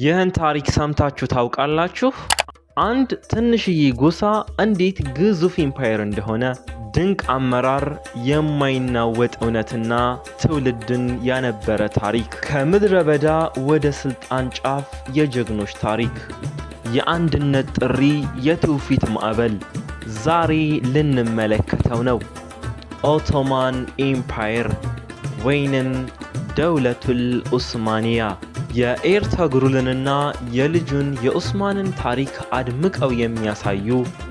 ይህን ታሪክ ሰምታችሁ ታውቃላችሁ? አንድ ትንሽዬ ጎሳ እንዴት ግዙፍ ኢምፓየር እንደሆነ ድንቅ አመራር፣ የማይናወጥ እውነትና ትውልድን ያነበረ ታሪክ፣ ከምድረ በዳ ወደ ስልጣን ጫፍ የጀግኖች ታሪክ፣ የአንድነት ጥሪ፣ የትውፊት ማዕበል ዛሬ ልንመለከተው ነው። ኦቶማን ኢምፓየር ወይንም ደውለቱል ኡስማንያ የኤርታጉሩልንና የልጁን የኡስማንን ታሪክ አድምቀው የሚያሳዩ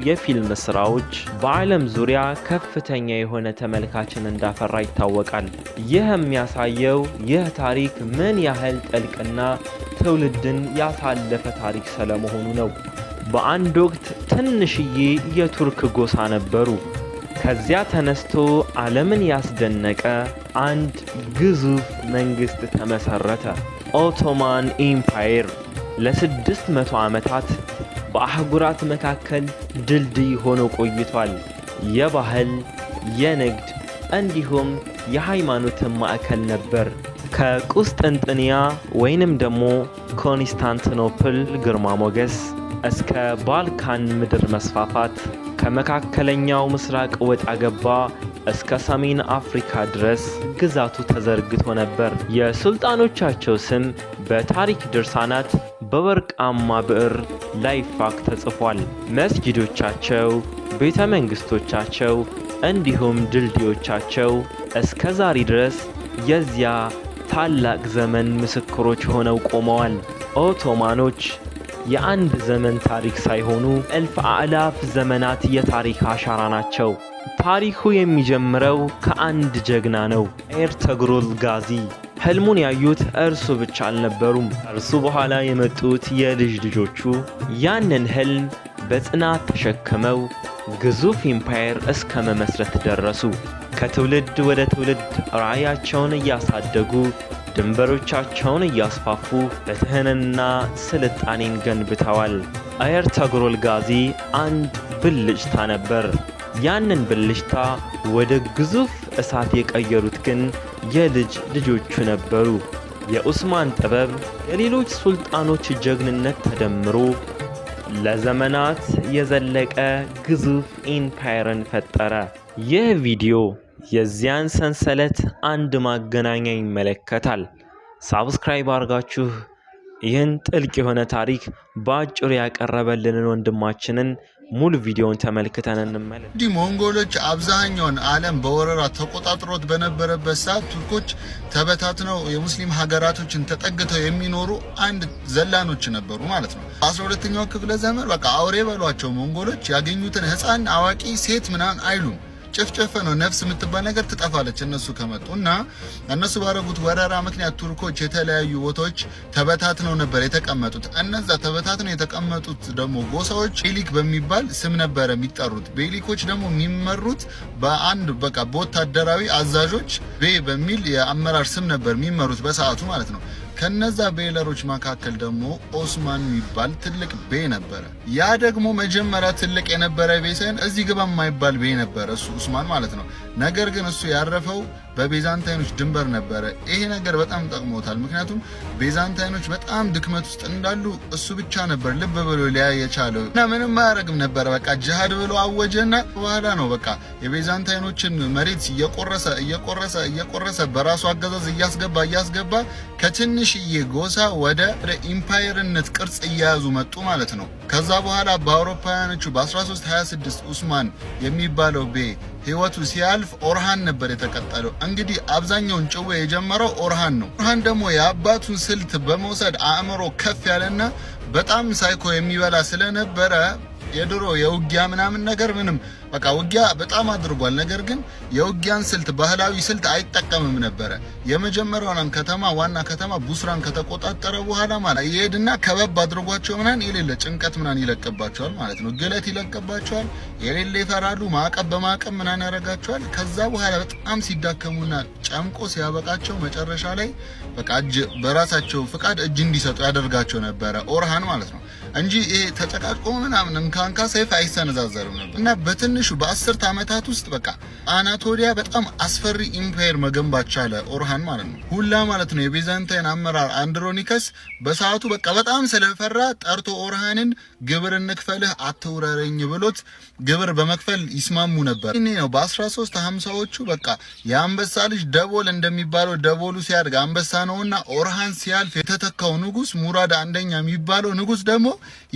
የፊልም ስራዎች በዓለም ዙሪያ ከፍተኛ የሆነ ተመልካችን እንዳፈራ ይታወቃል። ይህ የሚያሳየው ይህ ታሪክ ምን ያህል ጥልቅና ትውልድን ያሳለፈ ታሪክ ስለመሆኑ ነው። በአንድ ወቅት ትንሽዬ የቱርክ ጎሳ ነበሩ። ከዚያ ተነስቶ ዓለምን ያስደነቀ አንድ ግዙፍ መንግሥት ተመሠረተ። ኦቶማን ኢምፓየር ለስድስት መቶ ዓመታት በአህጉራት መካከል ድልድይ ሆኖ ቆይቷል። የባህል፣ የንግድ እንዲሁም የሃይማኖትን ማዕከል ነበር። ከቁስጥንጥንያ ወይንም ደግሞ ኮንስታንቲኖፕል ግርማ ሞገስ እስከ ባልካን ምድር መስፋፋት ከመካከለኛው ምስራቅ ወጣ ገባ እስከ ሰሜን አፍሪካ ድረስ ግዛቱ ተዘርግቶ ነበር። የሱልጣኖቻቸው ስም በታሪክ ድርሳናት በወርቃማ ብዕር ላይፋክ ተጽፏል። መስጊዶቻቸው፣ ቤተ መንግስቶቻቸው እንዲሁም ድልድዮቻቸው እስከ ዛሬ ድረስ የዚያ ታላቅ ዘመን ምስክሮች ሆነው ቆመዋል። ኦቶማኖች የአንድ ዘመን ታሪክ ሳይሆኑ እልፍ አእላፍ ዘመናት የታሪክ አሻራ ናቸው። ታሪኩ የሚጀምረው ከአንድ ጀግና ነው፣ ኤርተግሩል ጋዚ። ህልሙን ያዩት እርሱ ብቻ አልነበሩም። እርሱ በኋላ የመጡት የልጅ ልጆቹ ያንን ህልም በጽናት ተሸክመው ግዙፍ ኢምፓየር እስከ መመስረት ደረሱ። ከትውልድ ወደ ትውልድ ራዕያቸውን እያሳደጉ ድንበሮቻቸውን እያስፋፉ ፍትህንና ስልጣኔን ገንብተዋል። አየርተግሩል ጋዚ አንድ ብልጭታ ነበር። ያንን ብልጭታ ወደ ግዙፍ እሳት የቀየሩት ግን የልጅ ልጆቹ ነበሩ። የኡስማን ጥበብ የሌሎች ሱልጣኖች ጀግንነት ተደምሮ ለዘመናት የዘለቀ ግዙፍ ኢምፓየርን ፈጠረ። ይህ ቪዲዮ የዚያን ሰንሰለት አንድ ማገናኛ ይመለከታል። ሳብስክራይብ አድርጋችሁ ይህን ጥልቅ የሆነ ታሪክ በአጭሩ ያቀረበልንን ወንድማችንን ሙሉ ቪዲዮን ተመልክተን እንመለስ። እንዲህ ሞንጎሎች አብዛኛውን ዓለም በወረራ ተቆጣጥሮት በነበረበት ሰዓት ቱርኮች ተበታትነው የሙስሊም ሀገራቶችን ተጠግተው የሚኖሩ አንድ ዘላኖች ነበሩ ማለት ነው። በአስራ ሁለተኛው ክፍለ ዘመን በቃ አውሬ በሏቸው ሞንጎሎች። ያገኙትን ሕፃን አዋቂ ሴት ምናምን አይሉም ጨፍጨፈ ነው። ነፍስ የምትባል ነገር ትጠፋለች እነሱ ከመጡ እና እነሱ ባረጉት ወረራ ምክንያት ቱርኮች የተለያዩ ቦታዎች ተበታትነው ነበር የተቀመጡት። እነዛ ተበታትነው የተቀመጡት ደግሞ ጎሳዎች ቤሊክ በሚባል ስም ነበረ የሚጠሩት። ቤሊኮች ደግሞ የሚመሩት በአንድ በቃ በወታደራዊ አዛዦች ቤ በሚል የአመራር ስም ነበር የሚመሩት በሰዓቱ ማለት ነው። ከነዛ ቤለሮች መካከል ደግሞ ኦስማን የሚባል ትልቅ ቤ ነበረ። ያ ደግሞ መጀመሪያ ትልቅ የነበረ ቤ ሳይሆን እዚህ ግባ የማይባል ቤ ነበረ እሱ ኡስማን ማለት ነው። ነገር ግን እሱ ያረፈው በቤዛንታይኖች ድንበር ነበረ። ይሄ ነገር በጣም ጠቅሞታል። ምክንያቱም ቤዛንታይኖች በጣም ድክመት ውስጥ እንዳሉ እሱ ብቻ ነበር ልብ ብሎ ሊያይ የቻለው እና ምንም አያደርግም ነበረ። በቃ ጅሃድ ብሎ አወጀና በኋላ ነው በቃ የቤዛንታይኖችን መሬት እየቆረሰ እየቆረሰ እየቆረሰ በራሱ አገዛዝ እያስገባ እያስገባ ከትንሽዬ ጎሳ ወደ ኢምፓየርነት ቅርጽ እያያዙ መጡ ማለት ነው። ከዛ በኋላ በአውሮፓውያኖቹ በ1326 ኡስማን የሚባለው ቤ ህይወቱ ሲያልፍ ኦርሃን ነበር የተቀጠለው። እንግዲህ አብዛኛውን ጭዌ የጀመረው ኦርሃን ነው። ኦርሃን ደግሞ የአባቱን ስልት በመውሰድ አእምሮ ከፍ ያለና በጣም ሳይኮ የሚበላ ስለነበረ የድሮ የውጊያ ምናምን ነገር ምንም በቃ ውጊያ በጣም አድርጓል። ነገር ግን የውጊያን ስልት ባህላዊ ስልት አይጠቀምም ነበረ። የመጀመሪያውንም ከተማ ዋና ከተማ ቡስራን ከተቆጣጠረ በኋላ ማለት ይሄድና ከበብ አድርጓቸው ምናን የሌለ ጭንቀት ምናን ይለቅባቸዋል ማለት ነው። ግለት ይለቅባቸዋል። የሌለ ይፈራሉ። ማዕቀብ በማዕቀብ ምናን ያደርጋቸዋል። ከዛ በኋላ በጣም ሲዳከሙና ጨምቆ ሲያበቃቸው መጨረሻ ላይ በቃ እጅ በራሳቸው ፍቃድ እጅ እንዲሰጡ ያደርጋቸው ነበረ ኦርሃን ማለት ነው እንጂ ይሄ ተጨቃጭቆ ምናምን እንካንካ ሰይፍ አይሰነዛዘርም ነበር እና በትን በትንሹ በአስርተ ዓመታት ውስጥ በቃ አናቶሊያ በጣም አስፈሪ ኢምፓየር መገንባት ቻለ። ኦርሃን ማለት ነው ሁላ ማለት ነው። የቤዛንታይን አመራር አንድሮኒከስ በሰዓቱ በቃ በጣም ስለፈራ ጠርቶ ኦርሃንን ግብር እንክፈልህ አትውረረኝ ብሎት ግብር በመክፈል ይስማሙ ነበር። ይህ ነው በ1350ዎቹ በቃ የአንበሳ ልጅ ደቦል እንደሚባለው ደቦሉ ሲያድግ አንበሳ ነውና ኦርሃን ሲያልፍ የተተካው ንጉስ ሙራድ አንደኛ የሚባለው ንጉስ ደግሞ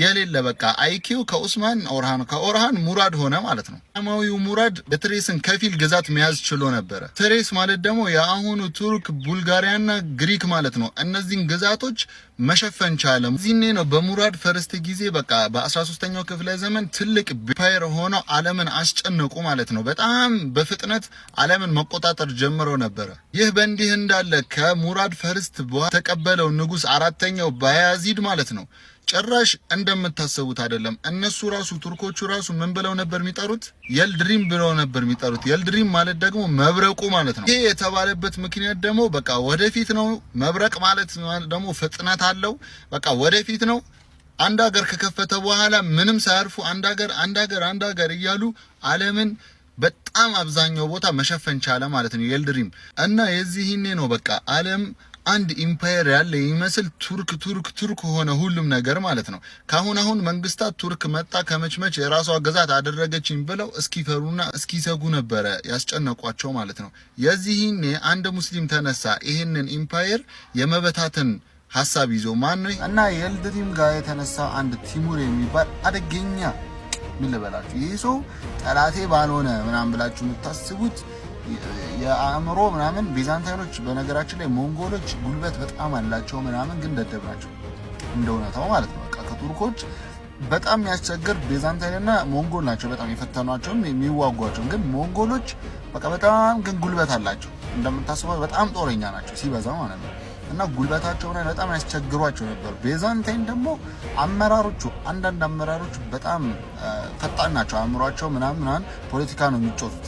የሌለ በቃ አይኪው ከኡስማን ኦርሃን ከኦርሃን ሙራድ ሆነ ማለት ነው። ነው። ሙራድ በትሬስን ከፊል ግዛት መያዝ ችሎ ነበረ። ትሬስ ማለት ደግሞ የአሁኑ ቱርክ፣ ቡልጋሪያና ግሪክ ማለት ነው። እነዚህን ግዛቶች መሸፈን ቻለ። እዚህኔ ነው በሙራድ ፈርስት ጊዜ በቃ በ13ኛው ክፍለ ዘመን ትልቅ ፓየር ሆነው ዓለምን አስጨነቁ ማለት ነው። በጣም በፍጥነት ዓለምን መቆጣጠር ጀምሮ ነበረ። ይህ በእንዲህ እንዳለ ከሙራድ ፈርስት በኋላ ተቀበለው ንጉስ አራተኛው ባያዚድ ማለት ነው። ጭራሽ እንደምታሰቡት አይደለም። እነሱ ራሱ ቱርኮቹ ራሱ ምን ብለው ነበር የሚጠሩት? የልድሪም ብለው ነበር የሚጠሩት። የልድሪም ማለት ደግሞ መብረቁ ማለት ነው። ይሄ የተባለበት ምክንያት ደግሞ በቃ ወደፊት ነው። መብረቅ ማለት ደግሞ ፍጥነት አለው። በቃ ወደፊት ነው። አንድ ሀገር ከከፈተ በኋላ ምንም ሳያርፉ አንድ ሀገር አንድ ሀገር አንድ ሀገር እያሉ ዓለምን በጣም አብዛኛው ቦታ መሸፈን ቻለ ማለት ነው። የልድሪም እና የዚህኔ ነው በቃ ዓለም አንድ ኢምፓየር ያለ የሚመስል ቱርክ ቱርክ ቱርክ ሆነ ሁሉም ነገር ማለት ነው። ካሁን አሁን መንግስታት ቱርክ መጣ ከመችመች የራሷ ግዛት አደረገችኝ ብለው እስኪፈሩና እስኪሰጉ ነበረ ያስጨነቋቸው ማለት ነው። የዚህኔ አንድ ሙስሊም ተነሳ ይህንን ኢምፓየር የመበታተን ሀሳብ ይዞ ማን ነው እና የልድሪም ጋር የተነሳ አንድ ቲሙር የሚባል አደገኛ ምን ልበላችሁ፣ ይህ ሰው ጠላቴ ባልሆነ ምናምን ብላችሁ የምታስቡት የአእምሮ ምናምን ቢዛንታይኖች በነገራችን ላይ ሞንጎሎች ጉልበት በጣም አላቸው ምናምን፣ ግን ደደብ ናቸው እንደ እውነታው ማለት ነው። ከቱርኮች በጣም የሚያስቸግር ቤዛንታይንና ሞንጎል ናቸው በጣም የፈተኗቸውም የሚዋጓቸውም። ግን ሞንጎሎች በቃ በጣም ግን ጉልበት አላቸው እንደምታስበው በጣም ጦረኛ ናቸው ሲበዛ ማለት ነው። እና ጉልበታቸው ላይ በጣም ያስቸግሯቸው ነበር። ቤዛንታይን ደግሞ አመራሮቹ አንዳንድ አመራሮች በጣም ፈጣን ናቸው። አእምሯቸው ምናምን ምናምን ፖለቲካ ነው የሚጮቱት።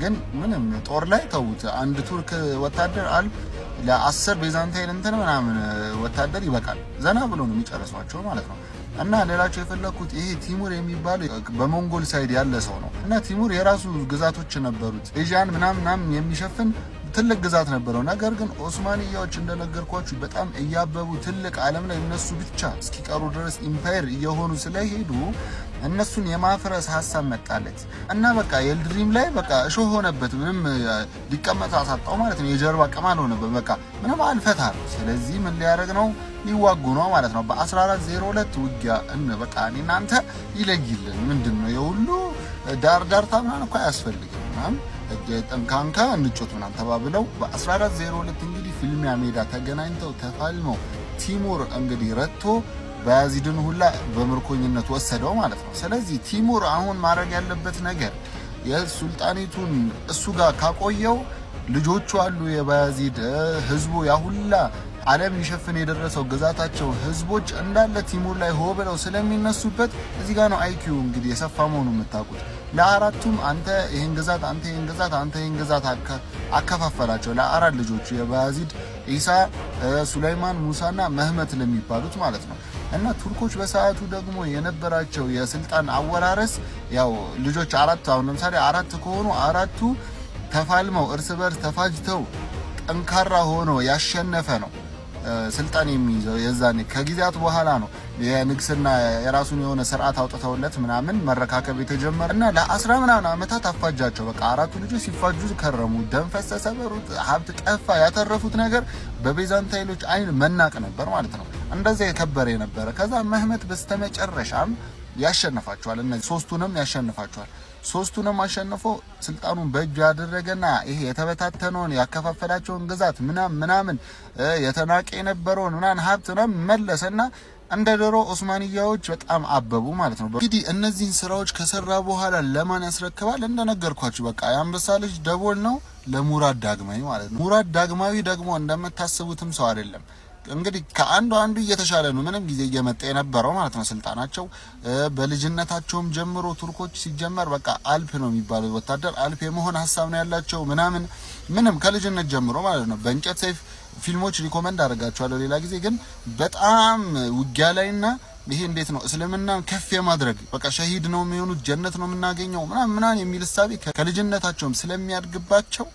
ግን ምንም ጦር ላይ ተዉት። አንድ ቱርክ ወታደር አልብ ለአስር ቤዛንታይን እንትን ምናምን ወታደር ይበቃል። ዘና ብሎ ነው የሚጨርሷቸው ማለት ነው። እና ሌላቸው የፈለኩት ይሄ ቲሙር የሚባለው በሞንጎል ሳይድ ያለ ሰው ነው። እና ቲሙር የራሱ ግዛቶች ነበሩት ኤዥያን ምናምናም የሚሸፍን ትልቅ ግዛት ነበረው። ነገር ግን ኦስማንያዎች እንደነገርኳችሁ በጣም እያበቡ ትልቅ ዓለም ላይ እነሱ ብቻ እስኪቀሩ ድረስ ኢምፓየር እየሆኑ ስለሄዱ እነሱን የማፍረስ ሀሳብ መጣለት እና በቃ የልድሪም ላይ በቃ እሾ ሆነበት። ምንም ሊቀመጥ አሳጣው ማለት ነው። የጀርባ ቅማል ሆነበት። በቃ ምንም አልፈታ። ስለዚህ ምን ሊያደርግ ነው? ሊዋጉ ነው ማለት ነው። በ1402 ውጊያ በቃ እናንተ ይለይልን ምንድን ነው የሁሉ ዳር ዳርታ ምናምን እኮ አያስፈልግም ምናምን ጠንካንካ እንጮት ምናምን ተባብለው በ1402 እንግዲህ ፍልሚያ ሜዳ ተገናኝተው ተፋልመው ቲሙር እንግዲህ ረቶ በያዚድን ሁላ በምርኮኝነት ወሰደው ማለት ነው። ስለዚህ ቲሙር አሁን ማድረግ ያለበት ነገር የሱልጣኔቱን እሱ ጋር ካቆየው ልጆቹ አሉ የባያዚድ ህዝቡ ያሁላ ዓለም ሊሸፍን የደረሰው ግዛታቸው ህዝቦች እንዳለ ቲሙር ላይ ሆ ብለው ስለሚነሱበት እዚህ ጋር ነው አይኪዩ እንግዲህ የሰፋ መሆኑ የምታውቁት። ለአራቱም አንተ ይህን ግዛት አንተ ይህን ግዛት አንተ ይህን ግዛት አከፋፈላቸው ለአራት ልጆቹ የባያዚድ፣ ኢሳ፣ ሱላይማን፣ ሙሳና መህመት ለሚባሉት ማለት ነው። እና ቱርኮች በሰዓቱ ደግሞ የነበራቸው የስልጣን አወራረስ ያው ልጆች አራት አሁን ለምሳሌ አራት ከሆኑ አራቱ ተፋልመው እርስ በርስ ተፋጅተው ጠንካራ ሆኖ ያሸነፈ ነው። ስልጣን የሚይዘው የዛኔ ከጊዜያት በኋላ ነው የንግስና የራሱን የሆነ ስርዓት አውጥተውለት ምናምን መረካከብ የተጀመረ እና ለአስራ ምናምን ዓመታት አፋጃቸው። በቃ አራቱ ልጆች ሲፋጁ ከረሙ። ደም ፈሰሰ፣ በሩት ሀብት ጠፋ። ያተረፉት ነገር በቤዛንታይሎች አይን መናቅ ነበር ማለት ነው። እንደዚያ የከበረ የነበረ ከዛ መህመት በስተመጨረሻም ያሸንፋቸዋል። እነዚህ ሶስቱንም ያሸንፋቸዋል። ሶስቱንም አሸንፎ ስልጣኑን በእጁ ያደረገና ይሄ የተበታተነውን ያከፋፈላቸውን ግዛት ምናምን ምናምን የተናቀ የነበረውን ምናምን ሀብት ምናምን መለሰና እንደ ድሮ ኦስማንያዎች በጣም አበቡ ማለት ነው። እንግዲህ እነዚህን ስራዎች ከሰራ በኋላ ለማን ያስረክባል? እንደነገርኳችሁ በቃ የአንበሳ ልጅ ደቦል ነው ለሙራድ ዳግማዊ ማለት ነው። ሙራድ ዳግማዊ ደግሞ እንደምታስቡትም ሰው አይደለም። እንግዲህ ከአንዱ አንዱ እየተሻለ ነው ምንም ጊዜ እየመጣ የነበረው ማለት ነው ስልጣናቸው። በልጅነታቸውም ጀምሮ ቱርኮች ሲጀመር በቃ አልፕ ነው የሚባለው ወታደር አልፕ የመሆን ሀሳብ ነው ያላቸው ምናምን ምንም ከልጅነት ጀምሮ ማለት ነው። በእንጨት ሰይፍ ፊልሞች ሪኮመንድ አደርጋቸዋለሁ ሌላ ጊዜ። ግን በጣም ውጊያ ላይና ይሄ እንዴት ነው እስልምና ከፍ የማድረግ በቃ ሸሂድ ነው የሚሆኑት ጀነት ነው የምናገኘው ምናምን ምናምን የሚል እሳቤ ከልጅነታቸውም ስለሚያድግባቸው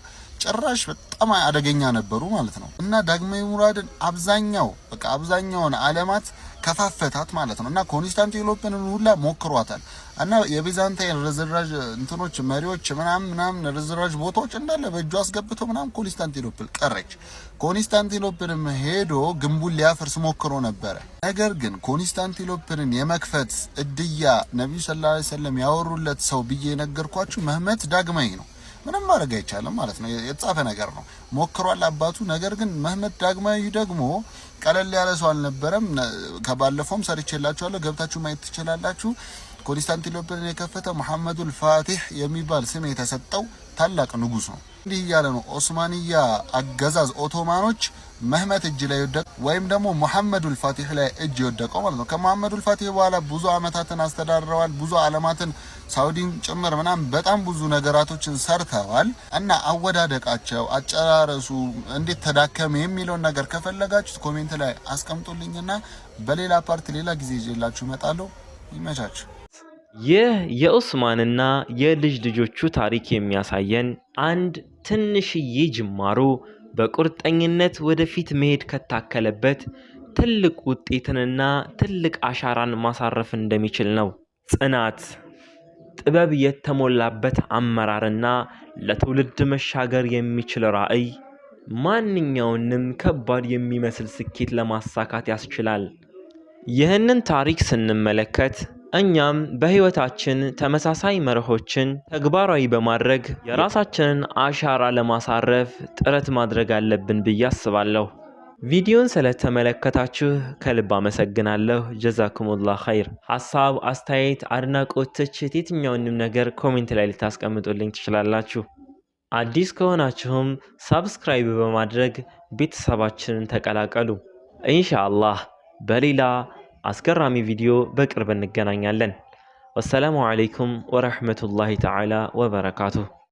ጭራሽ በጣም አደገኛ ነበሩ ማለት ነው። እና ዳግማዊ ሙራድን አብዛኛው በቃ አብዛኛውን አለማት ከፋፈታት ማለት ነው። እና ኮንስታንቲኖፕልን ሁላ ሞክሯታል። እና የቢዛንታይን ርዝራዥ እንትኖች መሪዎች ምናምን ምናምን ርዝራዥ ቦታዎች እንዳለ በእጁ አስገብቶ ምናምን ኮንስታንቲኖፕል ቀረች። ኮንስታንቲኖፕልም ሄዶ ግንቡን ሊያፈርስ ሞክሮ ነበረ። ነገር ግን ኮንስታንቲኖፕልን የመክፈት እድያ ነቢዩ ሰለላሁ ዐለይሂ ወሰለም ያወሩለት ሰው ብዬ የነገርኳችሁ መህመት ዳግማዊ ነው። ምንም ማድረግ አይቻልም ማለት ነው። የተጻፈ ነገር ነው። ሞክሯል አባቱ። ነገር ግን መህመድ ዳግማዊ ደግሞ ቀለል ያለ ሰው አልነበረም። ከባለፈውም ሰርቼላችኋለሁ፣ ገብታችሁ ማየት ትችላላችሁ። ኮንስታንቲኖፕልን የከፈተ መሐመዱል ፋቲህ የሚባል ስም የተሰጠው ታላቅ ንጉስ ነው። እንዲህ እያለ ነው ኦስማንያ አገዛዝ ኦቶማኖች መህመት እጅ ላይ ወደቀ፣ ወይም ደግሞ መሐመዱል ፋቲህ ላይ እጅ የወደቀው ማለት ነው። ከመሐመዱል ፋቲህ በኋላ ብዙ አመታትን አስተዳድረዋል። ብዙ አለማትን ሳውዲን ጭምር ምናምን በጣም ብዙ ነገራቶችን ሰርተዋል። እና አወዳደቃቸው፣ አጨራረሱ እንዴት ተዳከመ የሚለውን ነገር ከፈለጋችሁ ኮሜንት ላይ አስቀምጡልኝና በሌላ ፓርት ሌላ ጊዜ ይዤላችሁ እመጣለሁ። ይመቻችሁ። ይህ የኡስማንና የልጅ ልጆቹ ታሪክ የሚያሳየን አንድ ትንሽዬ ጅማሮ በቁርጠኝነት ወደፊት መሄድ ከታከለበት ትልቅ ውጤትንና ትልቅ አሻራን ማሳረፍ እንደሚችል ነው። ጽናት፣ ጥበብ የተሞላበት አመራርና ለትውልድ መሻገር የሚችል ራዕይ ማንኛውንም ከባድ የሚመስል ስኬት ለማሳካት ያስችላል። ይህንን ታሪክ ስንመለከት እኛም በህይወታችን ተመሳሳይ መርሆችን ተግባራዊ በማድረግ የራሳችንን አሻራ ለማሳረፍ ጥረት ማድረግ አለብን ብዬ አስባለሁ። ቪዲዮን ስለተመለከታችሁ ከልብ አመሰግናለሁ። ጀዛኩሙላ ኸይር። ሀሳብ፣ አስተያየት፣ አድናቆት፣ ትችት፣ የትኛውንም ነገር ኮሜንት ላይ ልታስቀምጡልኝ ትችላላችሁ። አዲስ ከሆናችሁም ሳብስክራይብ በማድረግ ቤተሰባችንን ተቀላቀሉ። ኢንሻአላህ በሌላ አስገራሚ ቪዲዮ በቅርብ እንገናኛለን። ወሰላሙ ዓለይኩም ወረሕመቱላሂ ተዓላ ወበረካቱሁ።